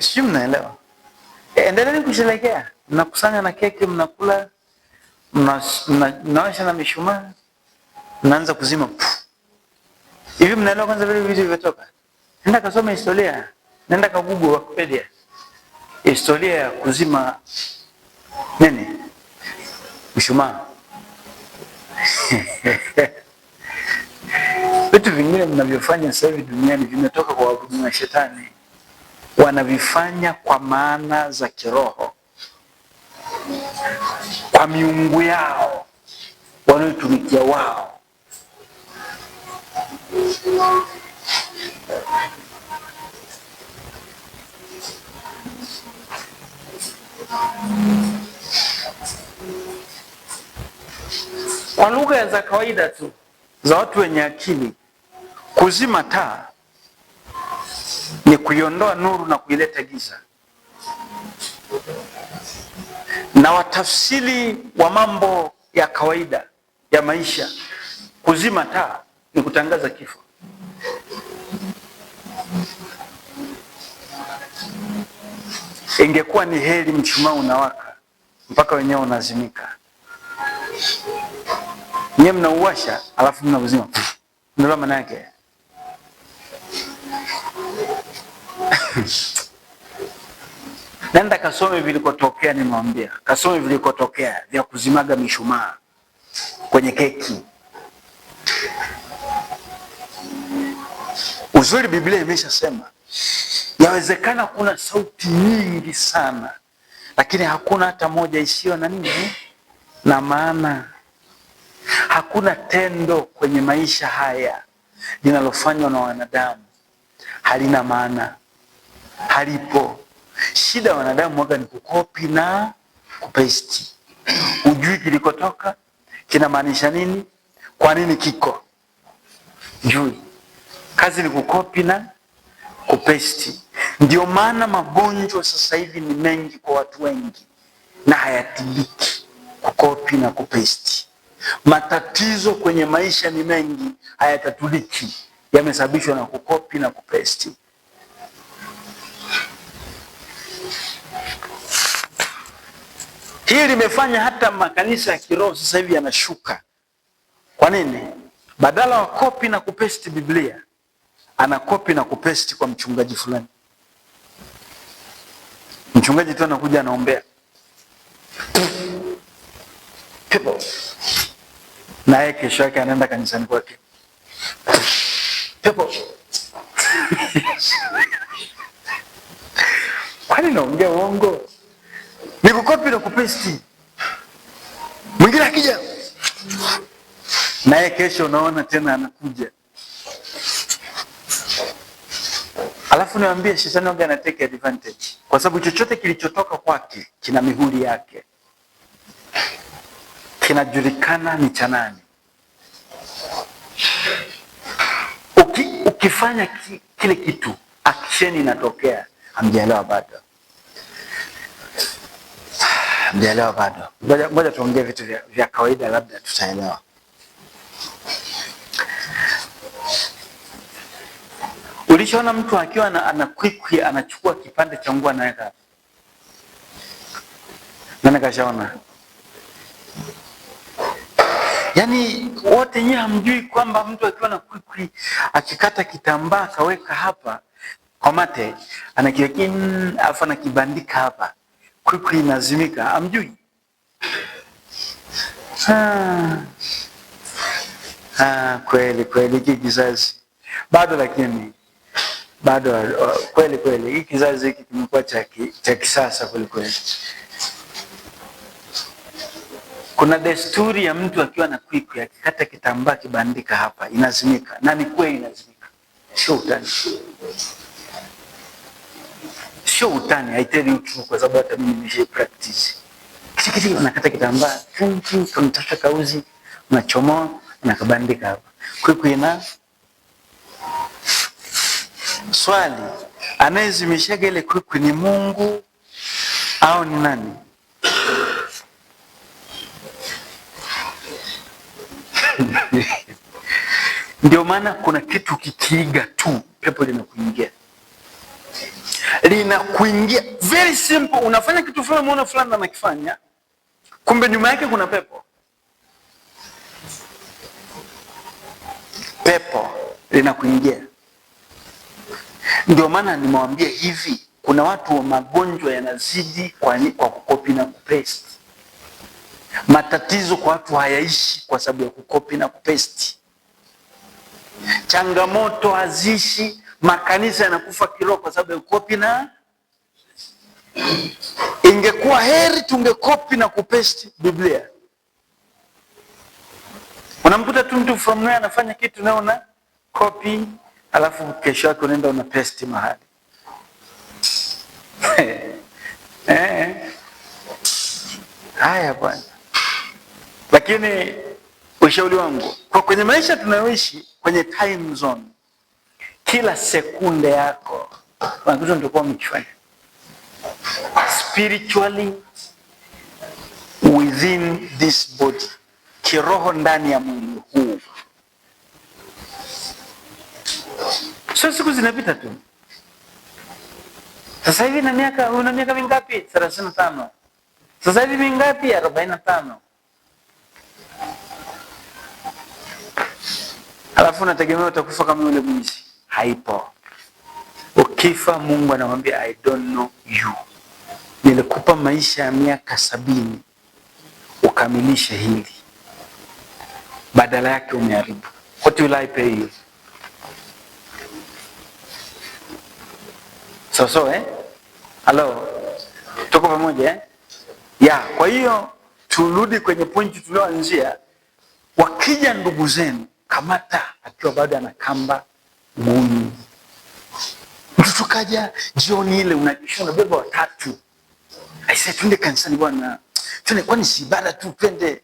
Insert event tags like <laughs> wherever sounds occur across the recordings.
si mnaelewa. Eh, endeleeni kusherekea, mnakusanya na keki, mnakula, mnawasha na mishumaa, mnaanza kuzima hivi. Mnaelewa kwanza vile vitu vilivyotoka? Nenda kasoma historia, nenda ka Google Wikipedia, historia ya kuzima nini mshumaa. <laughs> vitu vingine mnavyofanya sasa hivi duniani vimetoka kwa wabudu na shetani wanavifanya kwa maana za kiroho kwa miungu yao wanayotumikia wao. Kwa lugha za kawaida tu za watu wenye akili, kuzima taa ni kuiondoa nuru na kuileta giza. Na watafsiri wa mambo ya kawaida ya maisha, kuzima taa ni kutangaza kifo. Ingekuwa ni heri mchumaa unawaka mpaka wenyewe unazimika, nyewe mnauwasha alafu mnauzima. Ndio maana yake. Nenda kasome vilikotokea, nimwambia kasome vilikotokea vya kuzimaga mishumaa kwenye keki. Uzuri Biblia imeshasema yawezekana kuna sauti nyingi sana, lakini hakuna hata moja isiyo na nini na maana. Hakuna tendo kwenye maisha haya linalofanywa na wanadamu halina maana halipo. Shida wanadamu waga ni kukopi na kupesti, ujui kilikotoka kinamaanisha nini, kwa nini kiko jui. Kazi ni kukopi na kupesti. Ndio maana magonjwa sasa hivi ni mengi kwa watu wengi na hayatibiki, kukopi na kupesti. Matatizo kwenye maisha ni mengi, hayatatuliki, yamesababishwa na kukopi na kupesti. hii limefanya hata makanisa ya kiroho sasa hivi yanashuka. Kwa nini? Badala wa kopi na kupesti Biblia, ana kopi na kupesti kwa mchungaji fulani. Mchungaji tu anakuja anaombea naye, kesho yake anaenda kanisani kwake kwani naongea uongo? ni na kupesti. Mwingine akija naye kesho, unaona tena anakuja. Alafu niwaambie, shetani waga ana advantage, kwa sababu chochote kilichotoka kwake kina mihuri yake, kinajulikana ni cha nani. Uki, ukifanya ki, kile kitu action inatokea, amjaelewa bado Hamjaelewa bado? Ngoja ngoja tuongee vitu vya, vya kawaida labda tutaelewa. Ulishaona mtu akiwa ana kwikwi anachukua kipande cha nguo anaweka? Nani kashaona? Yaani wote nyinyi hamjui kwamba mtu akiwa na kwikwi akikata kitambaa akaweka hapa kwa mate anakiwekea, alafu anakibandika hapa kwikwi inazimika amjui ah. Ah, kweli kweli. Hiki kizazi bado, lakini bado uh, kweli kweli, hiki kizazi hiki kimekuwa cha kisasa kweli kweli. Kuna desturi ya mtu akiwa na kwikwi akikata kitambaa kibandika hapa, inazimika na ni kweli inazimika, sio utani sio utani, I tell you true, kwa sababu hata mimi nimesha practice. Kisikiti unakata kitambaa chunchi, unatafuta kauzi, unachomoa, unakabandika hapa kwikwi. Na swali, anayezimishaga ile kwikwi ni Mungu au ni nani? <laughs> Ndio maana kuna kitu kikiiga tu pepo linakuingia linakuingia very simple. Unafanya kitu fulani, umeona fulani anakifanya, kumbe nyuma yake kuna pepo. Pepo linakuingia. Ndio maana nimewambia hivi, kuna watu wa magonjwa yanazidi kwa, kwa kukopi na kupesti. Matatizo kwa watu hayaishi kwa sababu ya kukopi na kupesti. Changamoto haziishi makanisa yanakufa kiroho kwa sababu ya ukopi na ingekuwa heri tungekopi na kupesti Biblia. Unamkuta tu mtu from nowhere anafanya kitu na una alafu kesho yake unaenda una pesti mahali <laughs> eh, eh. Haya bwana, lakini ushauri wangu kwa kwenye maisha tunayoishi kwenye time zone kila sekunde yako kuna kitu nitakuwa spiritually within this body, kiroho ndani ya mwili huu. So siku zinapita tu. Sasa hivi na miaka una miaka mingapi? 35. Sasa hivi mingapi? 45. Alafu unategemea utakufa kama yule mwizi haipo. Ukifa Mungu anamwambia I don't know you, nilikupa maisha ya miaka sabini ukamilishe hili, badala yake umeharibu. What will I pay you? So, so, eh? Hello. Tuko pamoja eh? Ya, kwa hiyo turudi kwenye pointi tulioanzia. Wakija ndugu zenu, kamata akiwa bado ana kamba munyu. Mtoto kaja jioni ile, unajisha unabeba watatu, aisee, twende kanisani bwana, twende, kwani si ibada tu, twende.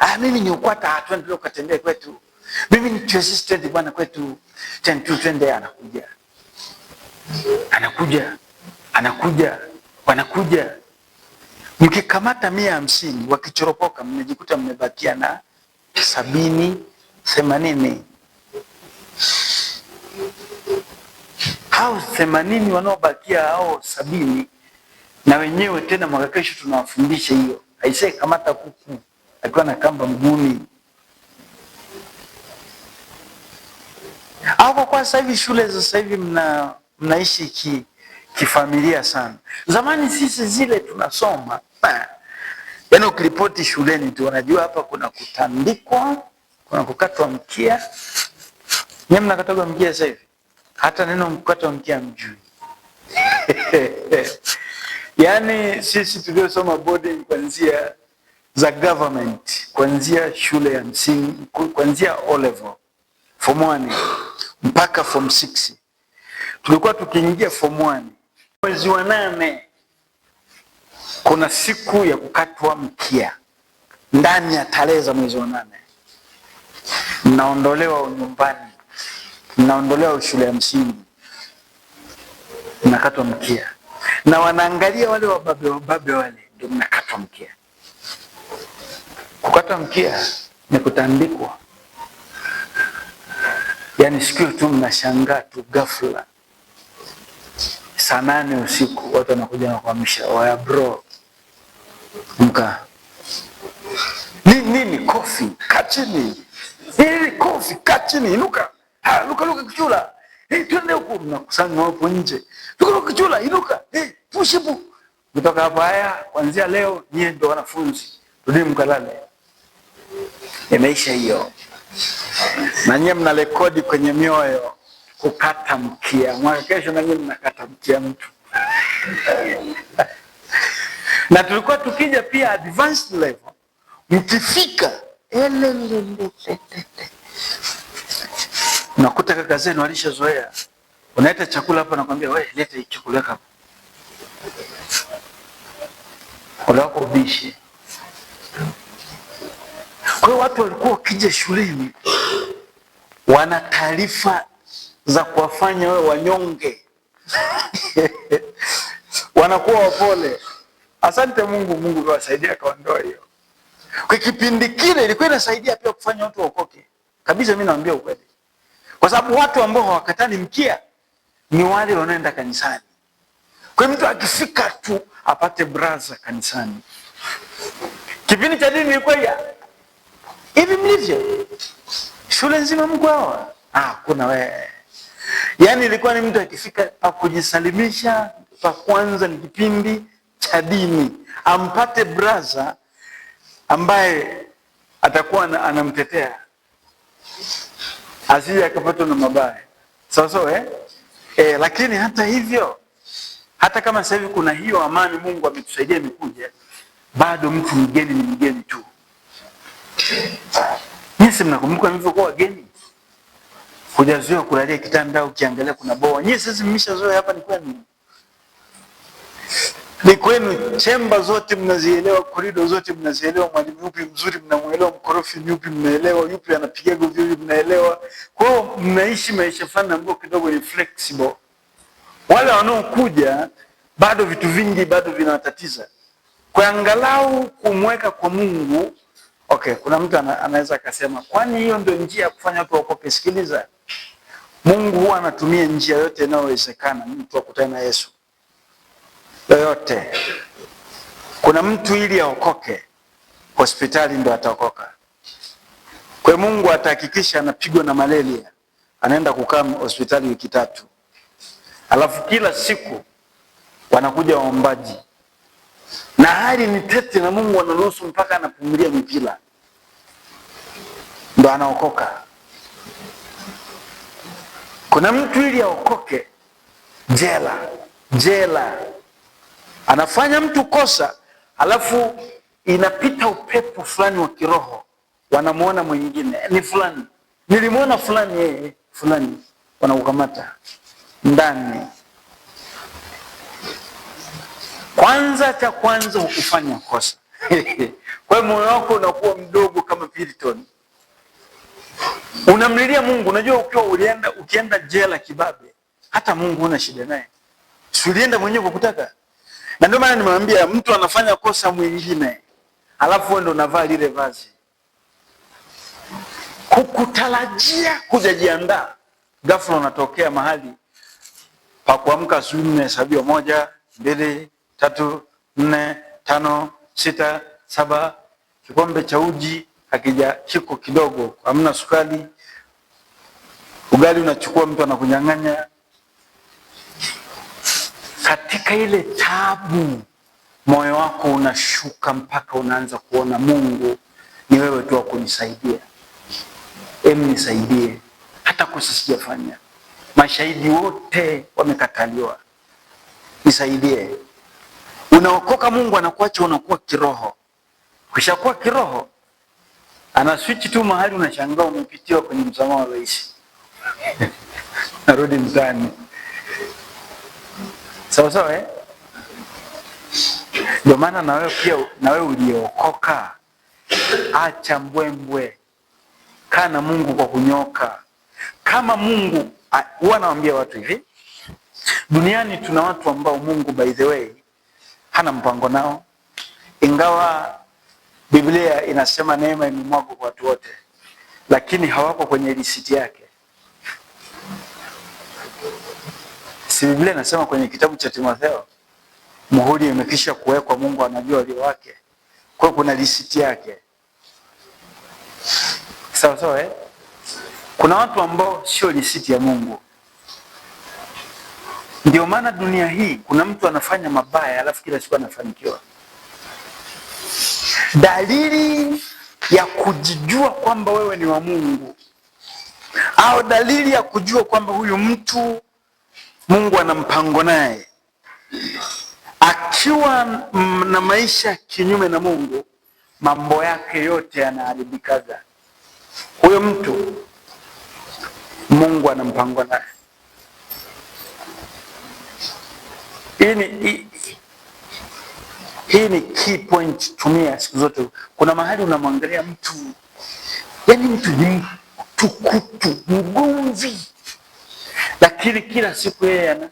Ah, mimi ni ukwata, hatuendi leo, katembea kwetu. Mimi ni Chelsea, twende bwana kwetu, twende twende. Anakuja anakuja anakuja wanakuja, mkikamata mia hamsini, wakichoropoka mmejikuta mmebakia na sabini themanini hao themanini wanaobakia, hao sabini na wenyewe tena mwaka kesho tunawafundisha hiyo. Aisee, kamata kuku akiwa na kamba mguni Au kwa sasa hivi shule za sasa hivi mna mnaishi ki kifamilia sana. Zamani sisi zile tunasoma eh, yaani, ukiripoti shuleni tu wanajua hapa kuna kutandikwa, kuna kukatwa mkia Nyie mnakatagwa mkia sasa hivi, hata neno mkato mkia mjui. <laughs> Yaani sisi tuliosoma boarding kuanzia za government, kuanzia shule ya msingi, kuanzia O level form 1 mpaka form 6 tulikuwa tukiingia form 1 mwezi wa nane kuna siku ya kukatwa mkia ndani ya tarehe za mwezi wa nane, mnaondolewa nyumbani mnaondolewa shule ya msingi, mnakatwa mkia, na wanaangalia wale wababe wababe wale, ndio mnakatwa mkia. Kukatwa mkia ni kutandikwa, yaani sikio tu mnashangaa tu ghafla saa nane usiku watu wanakuja na kuamsha, waya bro, mka nini, nini, kofi kachini, ili kofi kachini, inuka ah, luka luka kichula eh, twende huku, mnakusanya hapo nje, luka luka kichula inuka, eh, pushipu kutoka hapa. Haya, kuanzia leo nyie ndio wanafunzi, rudi mkalale. Imeisha hiyo, na nyie mnarekodi kwenye mioyo kukata mkia. Mwaka kesho na nyie mnakata mkia mtu <laughs> na tulikuwa tukija pia advanced level, mkifika elelelele Unakuta kaka zenu alishazoea, unaita chakula hapa, nakwambia wewe, leta hicho chakula hapa, wako ubishi. Kwa hiyo watu walikuwa wakija shuleni wana taarifa za kuwafanya wewe wanyonge <laughs> wanakuwa wapole. Asante Mungu, Mungu kawasaidia akaondoa hiyo. Kwa kipindi kile ilikuwa inasaidia pia kufanya watu waokoke kabisa. Mimi naambia ukweli kwa sababu watu ambao hawakatani mkia ni wale wanaenda kanisani. Kwa mtu akifika tu apate braza kanisani. Kipindi cha dini ilikuwa hivi mlivyo, shule nzima mko hawa ah, kuna we yani, ilikuwa ni mtu akifika pa kujisalimisha pa kwanza ni kipindi cha dini, ampate braza ambaye atakuwa anamtetea asije akapatwa na mabaya, sawa sawa eh? Eh, lakini hata hivyo, hata kama sasa hivi kuna hiyo amani, Mungu ametusaidia imekuja, bado mtu mgeni ni mgeni tu. Nyinyi mnakumbuka mlivyokuwa wageni, hujazoea kulalia kitanda, ukiangalia kuna boa. Nyinyi sasa mmeshazoea hapa ni kwenu ni kwenu, chemba zote mnazielewa, korido zote mnazielewa, mwalimu yupi mzuri mnamuelewa, mkorofi yupi mnaelewa, yupi anapigago vipi mnaelewa. Kwa hiyo mnaishi maisha fulani ambayo kidogo ni flexible. Wale wanaokuja bado vitu vingi bado vinawatatiza, kwa angalau kumweka kwa Mungu. Okay, kuna mtu anaweza akasema kwani hiyo ndio njia ya kufanya watu wakope? Sikiliza, Mungu huwa anatumia njia yote inayowezekana mtu akutane na Yesu yoyote. Kuna mtu ili aokoke, hospitali ndo ataokoka. Kwa Mungu atahakikisha anapigwa na malaria, anaenda kukaa hospitali wiki tatu, alafu kila siku wanakuja waombaji na hali ni tete, na Mungu anaruhusu mpaka anapumulia mipira, ndo anaokoka. Kuna mtu ili aokoke, jela, jela Anafanya mtu kosa, alafu inapita upepo fulani wa kiroho, wanamuona mwingine eh, ni fulani, nilimwona fulani, yeye eh, fulani, wanaukamata ndani. Kwanza cha kwanza hukufanya kosa <laughs> kwa hiyo moyo wako unakuwa mdogo kama Piriton, unamlilia Mungu. Unajua, ukiwa ulienda ukienda jela kibabe, hata Mungu una shida naye, si ulienda mwenyewe kwa kutaka na ndio maana nimemwambia mtu anafanya kosa mwingine, alafu wewe ndio unavaa lile vazi, kukutarajia hujajiandaa, ghafla unatokea mahali pa kuamka asubuhi, mnahesabiwa moja, mbili, tatu, nne, tano, sita, saba, kikombe cha uji akija kiko kidogo, amna sukari, ugali unachukua, mtu anakunyang'anya katika ile tabu, moyo wako unashuka mpaka unaanza kuona Mungu, ni wewe tu wa kunisaidia. Em, nisaidie, hata kosa sijafanya, mashahidi wote wamekataliwa, nisaidie. Unaokoka, Mungu anakuacha, unakuwa kiroho. Ukishakuwa kiroho, ana switch tu mahali, unashangaa umepitiwa kwenye msamaha rahisi. <laughs> Narudi mtaani sawa sawa, eh? Ndio maana na wewe pia, na wewe uliokoka, acha mbwembwe, kaa na Mungu kwa kunyoka. Kama Mungu huwa anawaambia watu hivi, duniani tuna watu ambao Mungu by the way hana mpango nao, ingawa Biblia inasema neema imemwagwa kwa watu wote, lakini hawako kwenye lisiti yake. Si Biblia inasema kwenye kitabu cha Timotheo, muhuri imekisha kuwekwa, Mungu anajua walio wake. Kwa kuna lisiti yake, sawa sawa eh? Kuna watu ambao sio lisiti ya Mungu. Ndio maana dunia hii kuna mtu anafanya mabaya alafu kila siku anafanikiwa. Dalili ya kujijua kwamba wewe ni wa Mungu au dalili ya kujua kwamba huyu mtu Mungu ana mpango naye. Akiwa na maisha kinyume na Mungu, mambo yake yote yanaharibikaza. Huyo mtu Mungu ana mpango naye. Hii ni hii ni key point, tumia siku zote. Kuna mahali unamwangalia mtu, yani mtu ni mtukutu, mgomvi lakini kila siku yeye ana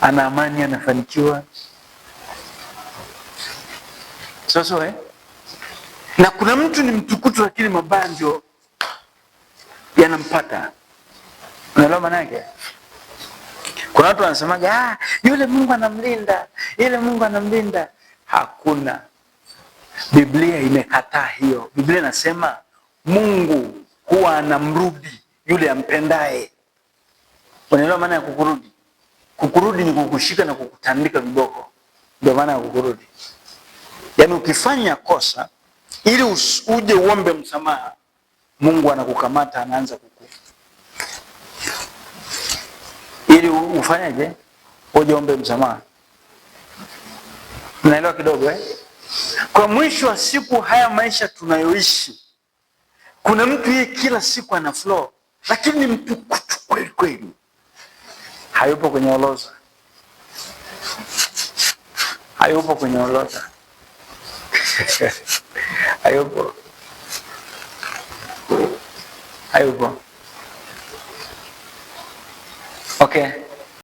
ana amani, anafanikiwa soso eh? Na kuna mtu ni mtukutu, lakini mabaya ndio yanampata. Unaelewa maana yake? Kuna watu wanasemaga ah, yule Mungu anamlinda, yule Mungu anamlinda. Hakuna, Biblia imekataa hiyo. Biblia inasema Mungu huwa anamrudi yule ampendaye. Unaelewa maana ya kukurudi? Kukurudi ni kukushika na kukutandika viboko, ndio maana ya kukurudi. Yaani ukifanya kosa ili uje uombe msamaha, Mungu anakukamata anaanza kuku ili ufanyaje, uje uombe msamaha. Unaelewa kidogo eh? Kwa mwisho wa siku, haya maisha tunayoishi, kuna mtu yeye kila siku ana flow, lakini ni mtukutu kweli kweli Hay un poco ñolosa. Hay un poco ñolosa. <laughs> Hay un poco. Hay eu vou. Ok.